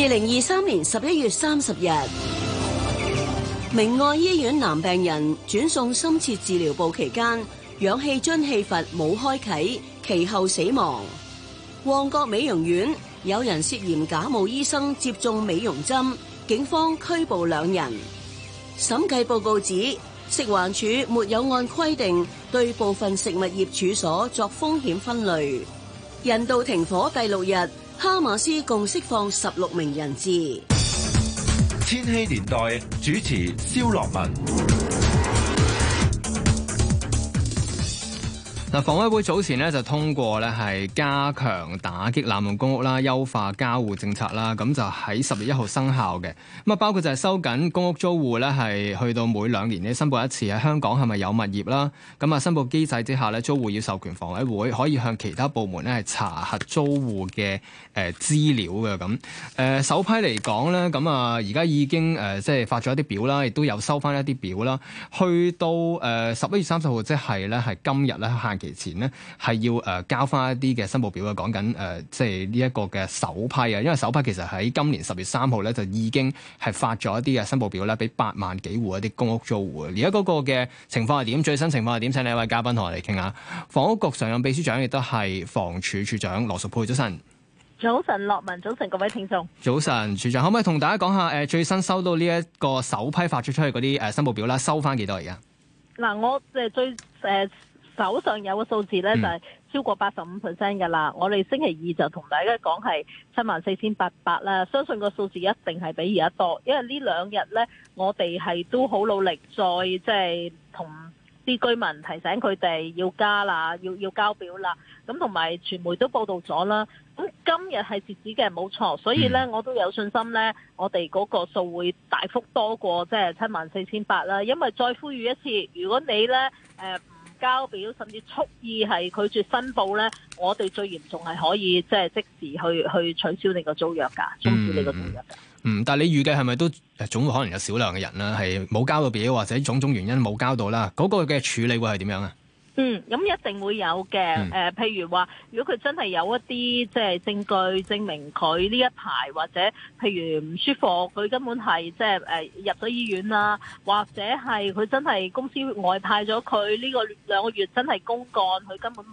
二零二三年十一月三十日，明愛醫院男病人轉送深切治療部期間，氧氣樽氣閥冇開啟，其後死亡。旺角美容院有人涉嫌假冒醫生接種美容針，警方拘捕兩人。審計報告指，食環署沒有按規定對部分食物業處所作風險分類。人道停火第六日，哈馬斯共釋放十六名人質。千禧年代主持蕭樂文。嗱，房委會早前咧就通過咧係加強打擊濫用公屋啦，優化交戶政策啦，咁就喺十月一號生效嘅。咁啊，包括就係收緊公屋租戶咧，係去到每兩年咧申報一次喺香港係咪有物業啦。咁啊，申報機制之下咧，租戶要授權房委會可以向其他部門咧係查核租戶嘅誒資料嘅。咁、呃、誒，首批嚟講咧，咁啊而家已經誒即係發咗一啲表啦，亦都有收翻一啲表啦。去到誒十一月三十號，即係咧係今日咧限。期前呢係要誒、呃、交翻一啲嘅申報表啊！講緊誒，即係呢一個嘅首批啊，因為首批其實喺今年十月三號咧，就已經係發咗一啲嘅申報表啦，俾八萬幾戶一啲公屋租戶。而家嗰個嘅情況係點？最新情況係點？請你位嘉賓同我哋傾下。房屋局常任秘書長亦都係房署署長羅淑佩，早晨。早晨，樂文，早晨各位聽眾。早晨，署長，可唔可以同大家講下誒、呃、最新收到呢一個首批發出出去嗰啲誒申報表啦？收翻幾多而家？嗱，我誒、呃、最誒。呃手上有個數字咧，就係、是、超過八十五 percent 噶啦。我哋星期二就同大家講，係七萬四千八百啦，相信個數字一定係比而家多，因為呢兩日咧，我哋係都好努力再即係同啲居民提醒佢哋要加啦，要要交表啦。咁同埋傳媒都報道咗啦。咁今日係截止嘅，冇錯。所以咧我都有信心咧，我哋嗰個數會大幅多過，即係七萬四千八啦。因為再呼籲一次，如果你咧誒。交表甚至蓄意係拒絕申報咧，我哋最嚴重係可以即係即時去去取消你個租約㗎，終止你個租約嘅、嗯。嗯，但你預計係咪都總會可能有少量嘅人啦，係冇交到表或者種種原因冇交到啦，嗰、嗰個嘅處理會係點樣啊？嗯，咁、嗯、一定會有嘅。誒、呃，譬如話，如果佢真係有一啲即係證據證明佢呢一排或者譬如唔舒服，佢根本係即係誒入咗醫院啦，或者係佢真係公司外派咗佢呢個兩個月真係公幹，佢根本唔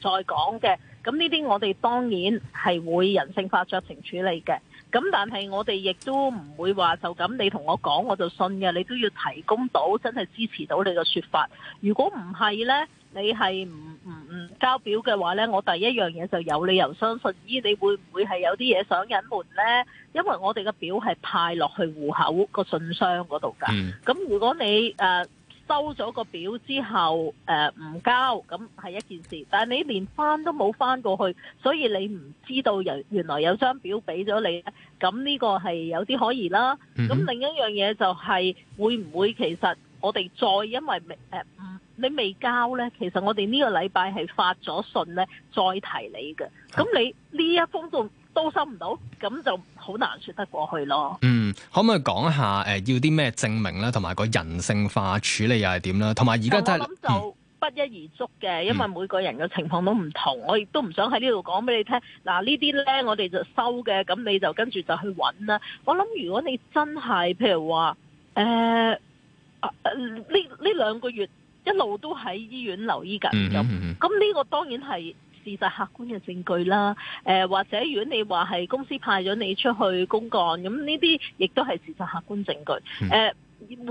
再講嘅。咁呢啲我哋當然係會人性化酌情處理嘅。咁但係我哋亦都唔會話就咁你同我講我就信嘅，你都要提供到真係支持到你嘅說法。如果唔係咧？你係唔唔唔交表嘅話咧，我第一樣嘢就有理由相信，咦，你會唔會係有啲嘢想隱瞞咧？因為我哋嘅表係派落去戶口個信箱嗰度㗎。咁、嗯、如果你誒、呃、收咗個表之後誒唔、呃、交，咁係一件事。但係你連返都冇返過去，所以你唔知道原原來有張表俾咗你咧。咁呢個係有啲可疑啦。咁另一樣嘢就係會唔會其實我哋再因為誒？呃你未交呢，其實我哋呢個禮拜係發咗信呢，再提你嘅。咁、嗯、你呢一封都收唔到，咁就好難説得過去咯。嗯，可唔可以講下、呃、要啲咩證明啦，同埋個人性化處理又係點啦？同埋而家真係、嗯、我諗就不一而足嘅，嗯、因為每個人嘅情況都唔同。我亦都唔想喺呢度講俾你聽。嗱，呢啲呢，我哋就收嘅，咁你就跟住就去揾啦。我諗如果你真係譬如話，誒呢呢兩個月。一路都喺醫院留醫緊咁，咁呢個當然係事實客觀嘅證據啦。誒、呃，或者如果你話係公司派咗你出去公幹，咁呢啲亦都係事實客觀證據。誒、呃，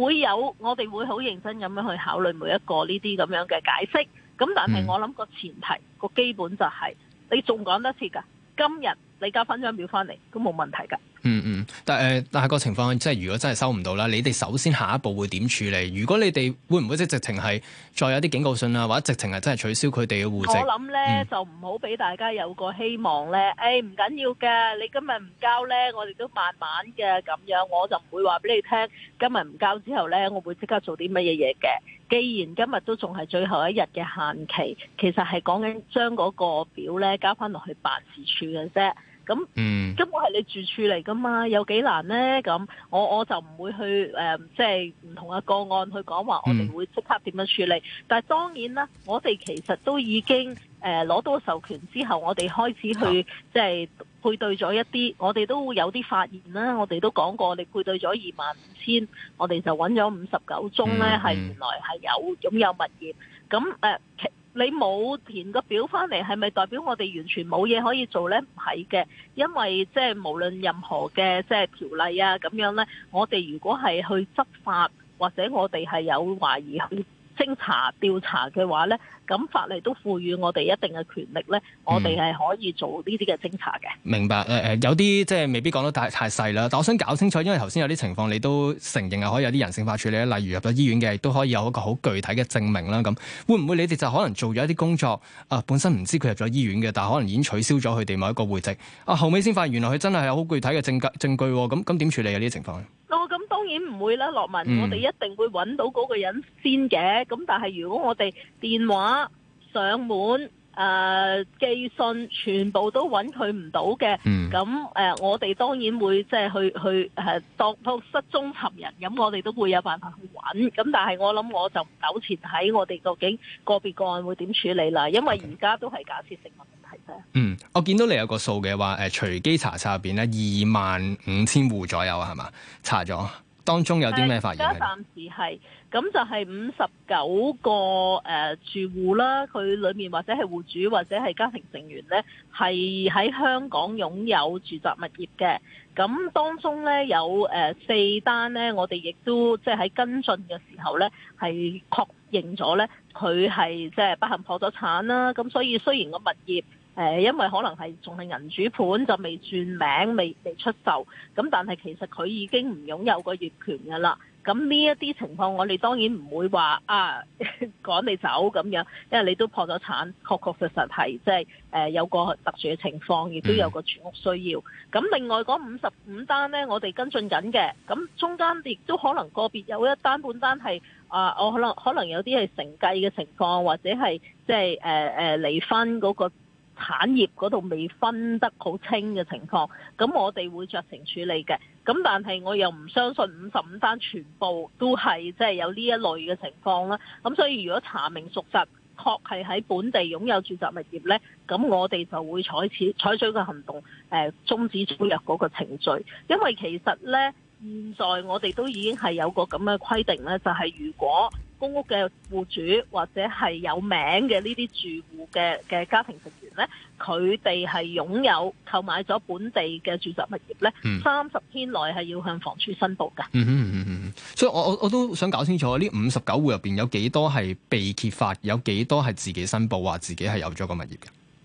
會有我哋會好認真咁樣去考慮每一個呢啲咁樣嘅解釋。咁但係我諗個前提個基本就係、是、你仲講得切噶，今日你交翻張表翻嚟都冇問題噶嗯嗯，但誒、呃、但係個情況即係如果真係收唔到啦，你哋首先下一步會點處理？如果你哋會唔會即直情係再有啲警告信啦、啊，或者直情係真係取消佢哋嘅戶籍？我諗咧、嗯、就唔好俾大家有個希望咧，誒唔緊要嘅，你今日唔交咧，我哋都慢慢嘅咁樣，我就唔會話俾你聽今日唔交之後咧，我會即刻做啲乜嘢嘢嘅。既然今日都仲係最後一日嘅限期，其實係講緊將嗰個表咧交翻落去辦事處嘅啫。咁、嗯、根本係你住處嚟㗎嘛，有幾難咧？咁我我就唔會去誒，即係唔同嘅個案去講話，我哋會即刻點樣處理。嗯、但係當然啦，我哋其實都已經誒攞、呃、到授權之後，我哋開始去即係、啊、配對咗一啲。我哋都會有啲發現啦，我哋都講過，你配對咗二萬五千，我哋就揾咗五十九宗咧，係原來係有擁有物業。咁其、呃你冇填個表翻嚟，係咪代表我哋完全冇嘢可以做呢？唔係嘅，因為即係無論任何嘅即係條例啊咁樣呢，我哋如果係去執法，或者我哋係有懷疑去偵查調查嘅話咧，咁法例都賦予我哋一定嘅權力咧，我哋係可以做呢啲嘅偵查嘅、嗯。明白誒誒，有啲即係未必講得太太細啦。但我想搞清楚，因為頭先有啲情況，你都承認係可以有啲人性化處理咧，例如入咗醫院嘅，亦都可以有一個好具體嘅證明啦。咁會唔會你哋就可能做咗一啲工作啊？本身唔知佢入咗醫院嘅，但係可能已經取消咗佢哋某一個會籍啊，後尾先發現原來佢真係有好具體嘅證、證據喎。咁咁點處理啊？呢啲情況當然唔會啦，洛文，我哋一定會揾到嗰個人先嘅。咁、嗯、但係如果我哋電話上門、誒、呃、寄信，全部都揾佢唔到嘅，咁誒、嗯嗯呃，我哋當然會即係去去誒、啊、當、當失蹤尋人。咁我哋都會有辦法去揾。咁但係我諗我就唔糾纏喺我哋究竟個別個案會點處理啦。因為而家都係假設性嘅問題啫。嗯，我見到你有個數嘅話，誒、呃、隨機查查入邊咧，二萬五千戶左右係嘛？查咗？當中有啲咩發現？而家暫時係，咁就係五十九個、呃、住戶啦，佢裏面或者係戶主或者係家庭成員咧，係喺香港擁有住宅物業嘅。咁當中咧有四單咧，我哋亦都即係喺跟進嘅時候咧，係確認咗咧，佢係即係不幸破咗產啦。咁所以雖然個物業誒，因為可能係仲係銀主盤，就未轉名，未未出售。咁但係其實佢已經唔擁有個業權㗎啦。咁呢一啲情況，我哋當然唔會話啊趕 你走咁樣，因為你都破咗產，確確實實係即係誒有個特殊嘅情況，亦都有個住屋需要。咁另外嗰五十五單呢，我哋跟進緊嘅。咁中間亦都可能個別有一單半單係啊、呃，我可能可能有啲係承繼嘅情況，或者係即係誒誒離婚嗰個。產業嗰度未分得好清嘅情況，咁我哋會酌情處理嘅。咁但係我又唔相信五十五單全部都係即係有呢一類嘅情況啦。咁所以如果查明屬實，確係喺本地擁有住宅物業呢，咁我哋就會採取採取個行動，誒、呃、終止租約嗰個程序。因為其實呢，現在我哋都已經係有個咁嘅規定呢，就係、是、如果。公屋嘅戶主或者係有名嘅呢啲住戶嘅嘅家庭成員咧，佢哋係擁有購買咗本地嘅住宅物業咧，三十天內係要向房署申報噶。嗯哼嗯哼，所以我我我都想搞清楚呢五十九戶入邊有幾多係被揭發，有幾多係自己申報話自己係有咗個物業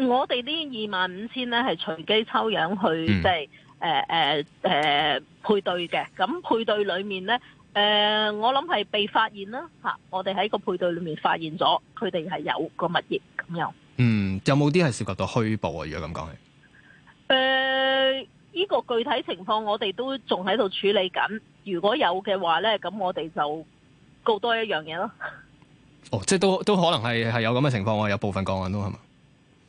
嘅。我哋呢二萬五千咧係隨機抽樣去即係誒誒誒配對嘅，咁配對裏面咧。誒、呃，我諗係被發現啦吓、啊，我哋喺個配對裏面發現咗，佢哋係有個物業咁樣。嗯，有冇啲係涉及到虛報啊？如果咁講，誒，呢個具體情況我哋都仲喺度處理緊。如果有嘅話咧，咁我哋就告多一樣嘢咯。哦，即係都都可能係係有咁嘅情況啊，有部分個案都係嘛。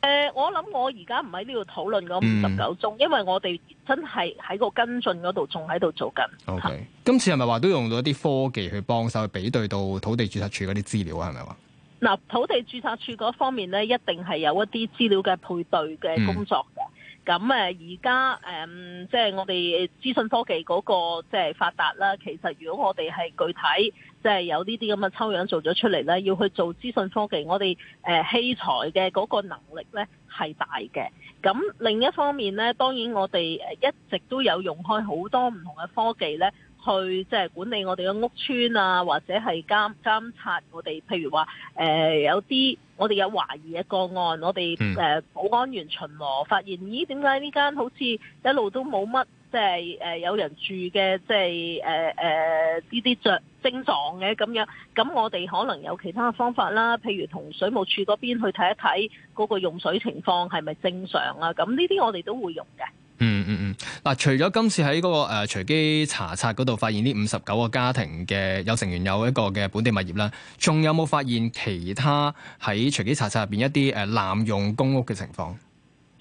誒，uh, 我諗我而家唔喺呢度討論嗰五十九宗，嗯、因為我哋真係喺個跟進嗰度仲喺度做緊。O Okay . K，是今次係咪話都用咗啲科技去幫手，去比對到土地注冊處嗰啲資料啊？係咪話？嗱，土地注冊處嗰方面呢，一定係有一啲資料嘅配對嘅工作的。嗯咁誒而家誒，即係、就是、我哋資訊科技嗰個即係發達啦。其實如果我哋係具體即係、就是、有呢啲咁嘅抽樣做咗出嚟咧，要去做資訊科技，我哋誒器材嘅嗰個能力咧係大嘅。咁另一方面咧，當然我哋誒一直都有用開好多唔同嘅科技咧。去即係管理我哋嘅屋邨啊，或者係監監察我哋，譬如話誒、呃、有啲我哋有懷疑嘅個案，我哋誒、嗯、保安員巡邏發現，咦點解呢間好似一路都冇乜即係誒有人住嘅，即係誒誒呢啲症症狀嘅咁樣，咁我哋可能有其他嘅方法啦，譬如同水務處嗰邊去睇一睇嗰個用水情況係咪正常啊？咁呢啲我哋都會用嘅。嗯嗯嗯，嗱、嗯，除咗今次喺嗰、那個誒、啊、隨機查冊嗰度發現呢五十九個家庭嘅有成員有一個嘅本地物業啦，仲有冇發現其他喺隨機查冊入邊一啲誒、啊、濫用公屋嘅情況？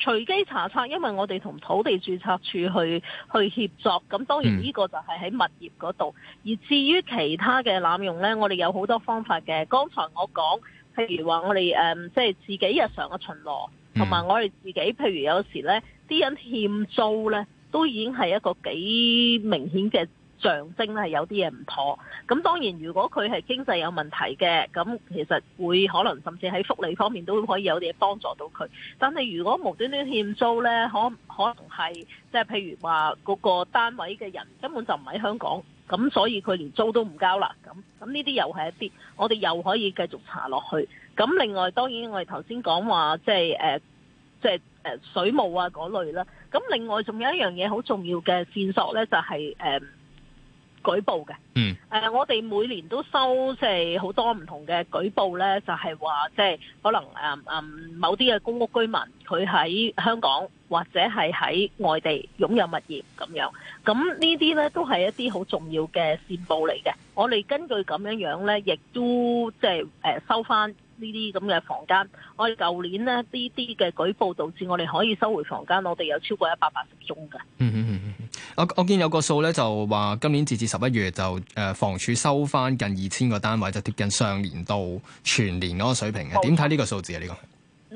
隨機查冊，因為我哋同土地註冊處去去協作，咁當然呢個就係喺物業嗰度。嗯、而至於其他嘅濫用咧，我哋有好多方法嘅。剛才我講，譬如話我哋誒、嗯、即係自己日常嘅巡邏。同埋、嗯、我哋自己，譬如有時咧，啲人欠租咧，都已經係一個幾明顯嘅象徵啦，係有啲嘢唔妥。咁當然，如果佢係經濟有問題嘅，咁其實會可能甚至喺福利方面都可以有啲嘢幫助到佢。但係如果無端端欠租咧，可可能係即係譬如話嗰個單位嘅人根本就唔喺香港，咁所以佢連租都唔交啦。咁咁呢啲又係一啲我哋又可以繼續查落去。咁另外當然我哋頭先講話即係誒，即係誒水務啊嗰類啦。咁另外仲有一樣嘢好重要嘅線索咧，就係誒舉報嘅。嗯。誒，我哋每年都收即係好多唔同嘅舉報咧，就係話即係可能誒誒某啲嘅公屋居民佢喺香港或者係喺外地擁有物業咁樣。咁呢啲咧都係一啲好重要嘅線報嚟嘅。我哋根據咁樣樣咧，亦都即係誒收返。呢啲咁嘅房間，我哋舊年咧，呢啲嘅舉報導致我哋可以收回房間，我哋有超過一百八十宗嘅、嗯。嗯嗯嗯嗯，我我見有個數咧就話今年截至十一月就、誒、呃、房署收翻近二千個單位，就貼近上年度全年嗰個水平嘅。點睇呢個數字啊？呢個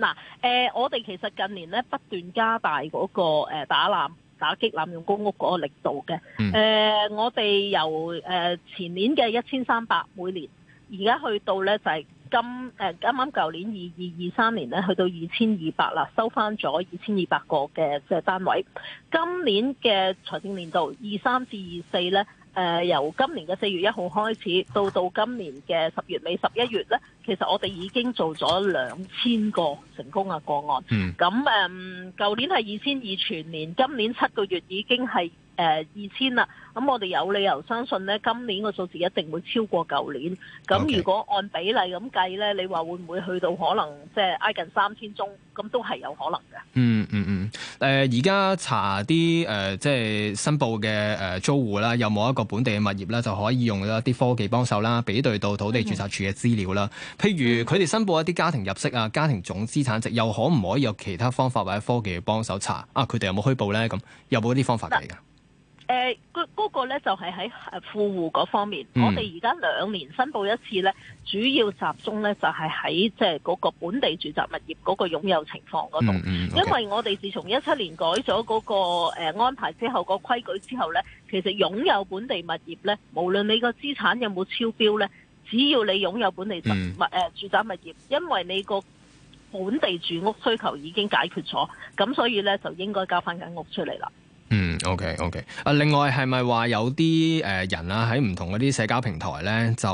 嗱、誒，我哋其實近年咧不斷加大嗰個打濫打擊濫用公屋嗰個力度嘅。誒、呃，我哋由誒前年嘅一千三百每年，而家去到咧就係、是。今誒啱啱舊年二二二三年咧，去到二千二百啦，收翻咗二千二百個嘅即係單位。今年嘅財政年度二三至二四咧，誒、呃、由今年嘅四月一號開始，到到今年嘅十月尾十一月咧，其實我哋已經做咗兩千個成功嘅個案。嗯，咁誒，舊年係二千二全年，今年七個月已經係。誒二千啦，咁、呃、我哋有理由相信呢今年個數字一定會超過舊年。咁如果按比例咁計呢，你話會唔會去到可能即係挨近三千宗？咁都係有可能嘅、嗯。嗯嗯嗯，誒而家查啲誒、呃、即係申報嘅誒租戶啦，有冇一個本地嘅物業啦，就可以用一啲科技幫手啦，比對到土地註冊處嘅資料啦。嗯、譬如佢哋申報一啲家庭入息啊，家庭總資產值又可唔可以有其他方法或者科技幫手查啊？佢哋有冇虛報呢？咁有冇一啲方法嚟㗎？誒，嗰、呃嗰個咧，就係喺誒富戶嗰方面，我哋而家兩年申報一次咧，主要集中咧就係喺即係嗰個本地住宅物業嗰個擁有情況嗰度。因為我哋自從一七年改咗嗰個誒安排之後，個規矩之後咧，其實擁有本地物業咧，無論你個資產有冇超標咧，只要你擁有本地物、誒住宅物業，因為你個本地住屋需求已經解決咗，咁所以咧就應該交翻間屋出嚟啦。O K O K，啊，另外係咪話有啲誒人啦喺唔同嗰啲社交平台咧就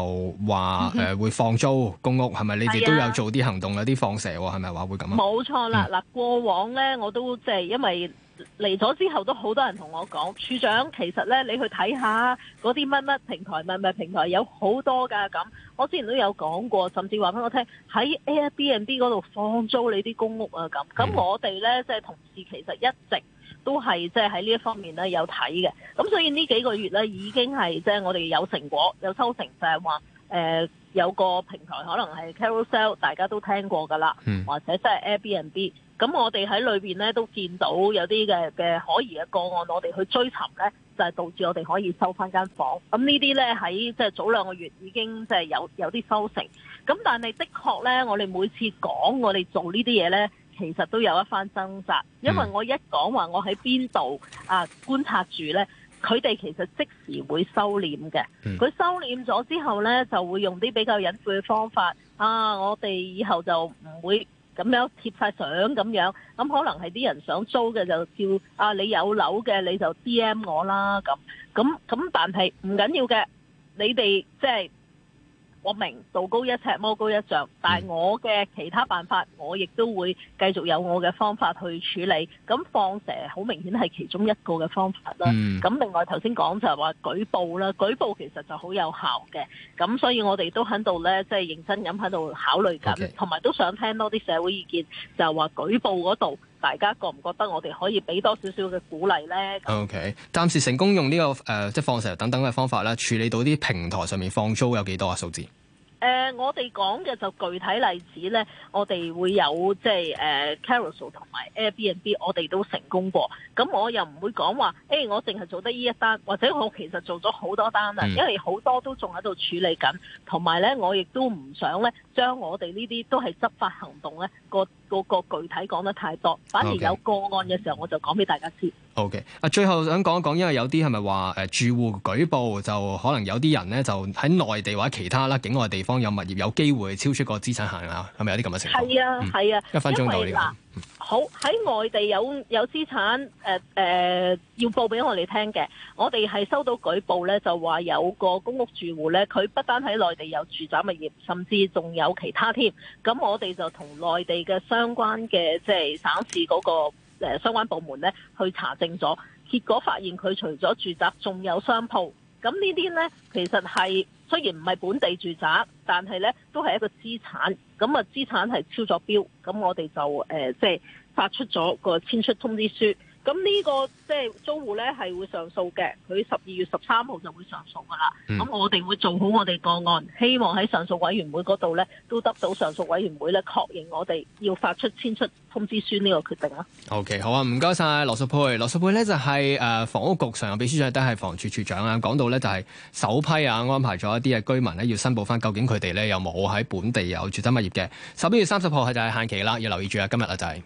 話誒會放租公屋，係咪你哋都有做啲行動啊？啲放蛇係咪話會咁樣啊？冇錯啦，嗱過往咧我都即係因為嚟咗之後都好多人同我講，處長其實咧你去睇下嗰啲乜乜平台乜乜平台有好多噶咁，我之前都有講過，甚至話俾我聽喺 Airbnb 嗰度放租你啲公屋啊咁，咁我哋咧即係同事其實一直。都係即係喺呢一方面咧有睇嘅，咁所以呢幾個月咧已經係即係我哋有成果有收成就係，就係話誒有個平台可能係 Carousell 大家都聽過㗎啦，或者即係 Airbnb。咁我哋喺裏面咧都見到有啲嘅嘅可疑嘅個案，我哋去追尋咧就係、係、導致我哋可以收翻間房。咁呢啲咧喺即係早兩個月已經即係有有啲收成。咁但係的確咧，我哋每次講我哋做呢啲嘢咧。其實都有一番掙扎，因為我一講話我喺邊度啊觀察住呢？佢哋其實即時會收斂嘅。佢收斂咗之後呢，就會用啲比較隱晦嘅方法啊。我哋以後就唔會咁樣貼晒相咁樣。咁可能係啲人想租嘅，就叫啊你有樓嘅你就 DM 我啦。咁咁咁，但係唔緊要嘅，你哋即係。我明，道高一尺魔高一丈，但係我嘅其他辦法，我亦都會繼續有我嘅方法去處理。咁放蛇好明顯係其中一個嘅方法啦。咁、嗯、另外頭先講就係話舉報啦，舉報其實就好有效嘅。咁所以我哋都喺度咧，即、就、係、是、認真咁喺度考慮緊，同埋 Okay. 都想聽多啲社會意見，就話舉報嗰度。大家覺唔覺得我哋可以俾多少少嘅鼓勵呢？o、okay, K，暫時成功用呢、呢個誒、呃，即係放蛇等等嘅方法咧，處理到啲平台上面放租有幾多啊？數字？誒、呃，我哋講嘅就具體例子呢，我哋會有即係、呃、誒 Carousell 同埋 Airbnb，我哋都成功過。咁我又唔會講話，誒、欸，我淨係做得呢一單，或者我其實做咗好多單啦，嗯、因為好多都仲喺度處理緊。同埋呢，我亦都唔想呢將我哋呢啲都係執法行動呢個。個個具體講得太多，反而有個案嘅時候，我就講俾大家知。OK，啊，最後想講一講，因為有啲係咪話誒住戶舉報就，就可能有啲人咧就喺內地或者其他啦境外的地方有物業，有機會超出個資產限額，係咪有啲咁嘅情況？係啊係啊，一分鐘到呢個。好喺外地有有資產誒誒、呃呃，要報俾我哋聽嘅。我哋係收到舉報咧，就話有個公屋住戶咧，佢不單喺內地有住宅物業，甚至仲有其他添。咁我哋就同內地嘅相關嘅即係省市嗰，那個誒、呃、相關部門咧去查證咗，結果發現佢除咗住宅，仲有商鋪。咁呢啲咧，其實係。雖然唔係本地住宅，但係呢都係一個資產，咁啊資產係超咗標，咁我哋就誒、呃、即係發出咗個遷出通知書。咁呢、這個即係租戶咧係會上訴嘅，佢十二月十三號就會上訴㗎啦。咁、嗯、我哋會做好我哋個案，希望喺上訴委員會嗰度咧都得到上訴委員會咧確認，我哋要發出遷出通知書呢個決定啦。OK，好啊，唔該晒。羅淑佩。羅淑佩呢就係房屋局常任秘書長，都、就、係、是、房署署長啊，講到呢就係首批啊安排咗一啲嘅居民呢要申報翻，究竟佢哋呢有冇喺本地有住宅物業嘅。十一月三十號係就係限期啦，要留意住啊，今日啊就係、是。